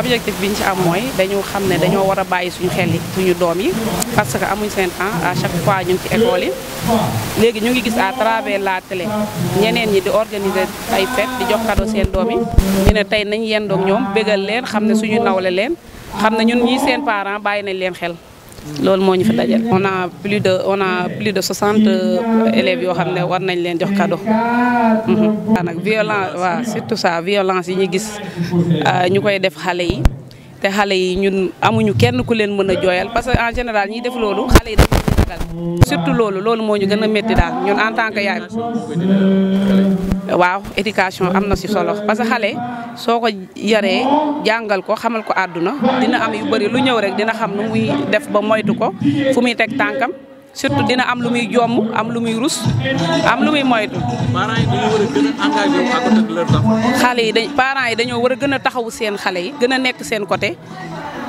objectif bi ñu ci am mooy dañu xam ne dañoo war a bàyyi suñu xel yi suñu doom yi parce que amuñ seen temps à chaque fois ñu ngi ci école yi léegi ñu ngi gis à travers la télé ñeneen ñi di organiser ay fête di jox cadeau seen doom yi ñu ne tey nañ yendoog ñoom bégal leen xam ne suñu nawle leen xam ne ñun ñii seen parents bàyyi nañ leen xel loolu moo ñu fi dajal on plus de on a plus de soixante euh, élèves yoo xam ne war nañ leen jox mm-hmm. kado waaw nag violence waa surtout ça violence yi ñu gis euh, ñu koy def xale yi te xale yi ñun amuñu kenn ku leen mën a jooyal parce que en général ñiy def loolu xale yi dañuy surtout loolu loolu moo ñu gën a métti daal ñun en tant que yaay. waaw éducation am na si solo parce que xale soo ko yaree jàngal ko xamal ko àdduna dina am yu bëri lu ñëw rek dina xam nu muy def ba moytu ko fu muy teg tànkam surtout dina am lu muy jomm am lu muy rus am lu muy moytu. xale yi dañ parents yi dañoo war a gën a taxawu seen xale yi gën a nekk seen côté.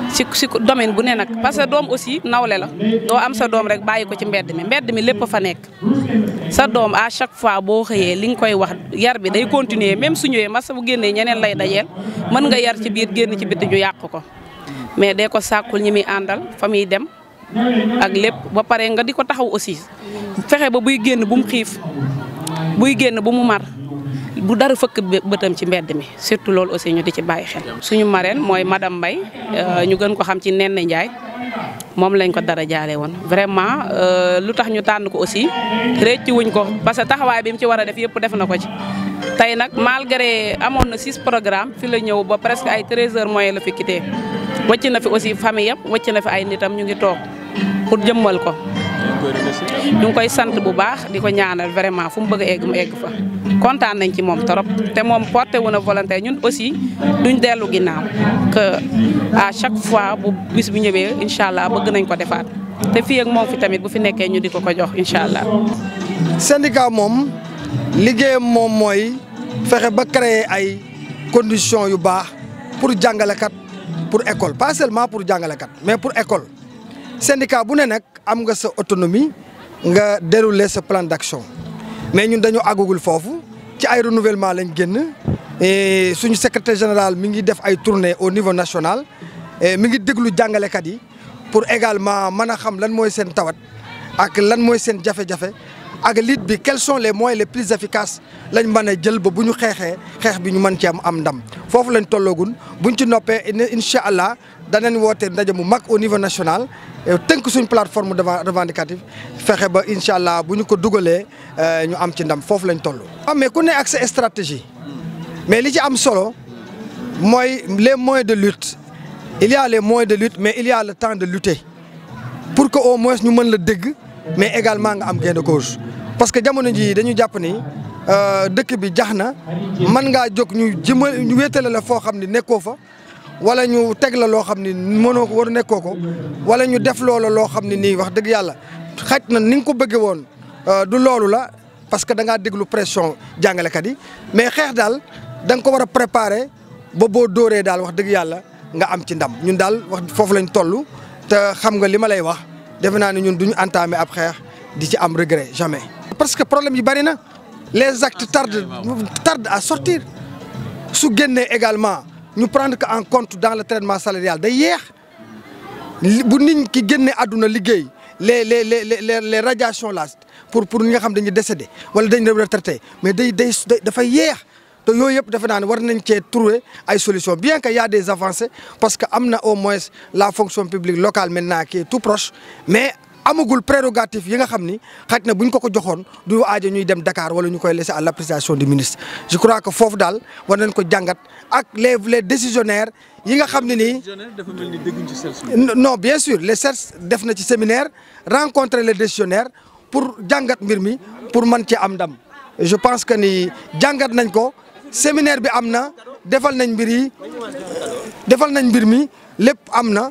si si domaine bu ne nag parce que doom aussi nawle la doo am sa doom rek bàyyi ko ci mbedd mi mbedd mi lépp fa nekk sa doom à chaque fois boo xëyee li nga koy wax yar bi day continuer même su ñëwee masa bu génnee ñeneen lay dajeel mën nga yar ci biir génn ci bitti ju yàq ko mais dee ko sàkkul ñi muy àndal fa muy dem ak lépp ba pare nga di ko taxaw aussi fexe ba buy génn bu mu xiif buy génn bu mu mar bu dara fëkk bëtam ci mbedd mi surtout loolu aussi ñu di ci bàyyi xel. suñu marraine mooy madame Mbaye euh, ñu gën ko xam ci Nen Ndiaye moom lañ ko dara jaale woon vraiment euh, lu tax ñu tànn ko aussi réccu wuñ ko parce que taxawaay bi ci war a def yëpp def na ko ci. tey nag malgré amoon na six programme fi la ñëw ba presque ay treize heures moyen la fi quitté wëcc na fi aussi famille yëpp wëcc na fi ay nitam ñu ngi toog pour jëmmal ko. ñu ngi koy sant bu baax di ko ñaanal vraiment fu mu bëgg a egg fa. kontaan nañ ci moom trop te moom porté wu na volonté ñun aussi duñ dellu gi ginnaaw que à chaque fois bu bis bu ñëwee incha allah bëgg nañ ko defaat te fii ak moom fi tamit bu fi nekkee ñun di ko ko jox incha allah. syndicat moom liggéeyam moom mooy fexe ba créer ay conditions yu baax pour jàngalekat pour école pas seulement pour jàngalekat mais pour école syndicat bu ne nag am nga sa autonomie nga dérouler sa plan d'action mais ñun dañu àggagul foofu. ci ay renouvellement lañ génn et suñu secrétaire général mi ngi def ay tournée au niveau national mi ngi déglu jàngalekat yi pour également mën a xam lan mooy seen tawat ak lan mooy seen jafe-jafe ak lutte bi quels sont les moyens le plus efficaces lañ mën a jël ba bu ñu xeexee xeex bi ñu mën ci am am ndam foofu lañ tolloogun buñ ci noppee incha allah danañ woote ndaje mu mag au niveau national euh, tënk suñ plateforme revendicative fexe ba incha allah bu ñu ko dugalee euh, ñu am ci ndam foofu lañ toll. ah mais ku ne ak sa stratégie mais li ci am solo mooy les moyens de lutte il y a les de lutte mais il y a le temps de lutter pour que au moins ñu mën la dégg. mais également nga am gain de parce que jamono jii dañu jàpp ni euh, dëkk bi jax na mën ngaa jóg ñu jëmal ñu wéetale la foo xam ne nekkoo fa wala ñu teg la loo xam ne mënoo ko war a nekkoo ko wala ñu def loola loo xam ne nii wax dëgg yàlla xaj na ni nga ko bëggee woon euh, du loolu la parce que da ngaa déglu pression jàngalekat yi mais xeex daal danga ko war a préparer ba boo dóoree daal wax dëgg yàlla nga am ci ndam ñun daal wax foofu lañ toll te xam nga li ma lay wax. defe naa ne ñun duñu entamé ab xeex di ci am regret jamais. parce que problème yi bari na les actes tardent tardent à sortir su génnee également ñu prendre que en compte dans le traitement salarial day yeex bu nit ki génnee àdduna liggéey les les les les les radiations la pour pour ñi nga xam dañuy décédé wala dañ retraité mais day day dafay yeex. te yooyu yëpp defe naa ne war nañ cee trouver ay solutions bien que ya a des avancées parce que am na au moins la fonction publique locale maintenant qui est tout proche mais amagul prérogative yi nga xam ni xaj na bu ko ko joxoon du aajo ñuy dem dakaar wala ñu koy laisser à l'appréciation du ministre je crois que foofu daal war nañ ko jàngat ak les les décisionnaires yi nga xam ne ni dégguñ ci non bien sûr les CERS def na ci séminaire rencontrer le décisionnaires pour jàngat mbir mi pour mën cee am dam je pense que ni jàngat nañ ko. séminaire bi am na defal nañ mbir yi defal nañ mbir mi lépp am na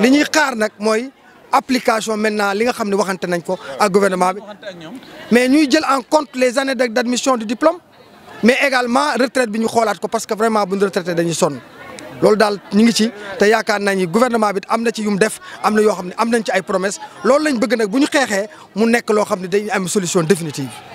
li ñuy xaar nag mooy application maintenant li nga xam ne waxante nañ ko a gouvernement bi mais ñuy jël en compte les années d' admission du diplôme mais également retraite bi ñu xoolaat ko parce que vraiment bu ñu retraité dañuy sonn loolu daal ñu ngi ci te yaakaar naa ni gouvernement bi am na ci yum def am na yoo xam ne am nañ ci ay promesse loolu lañ bëgg nag bu ñu xeexee mu nekk loo xam ne dañuy am solution définitive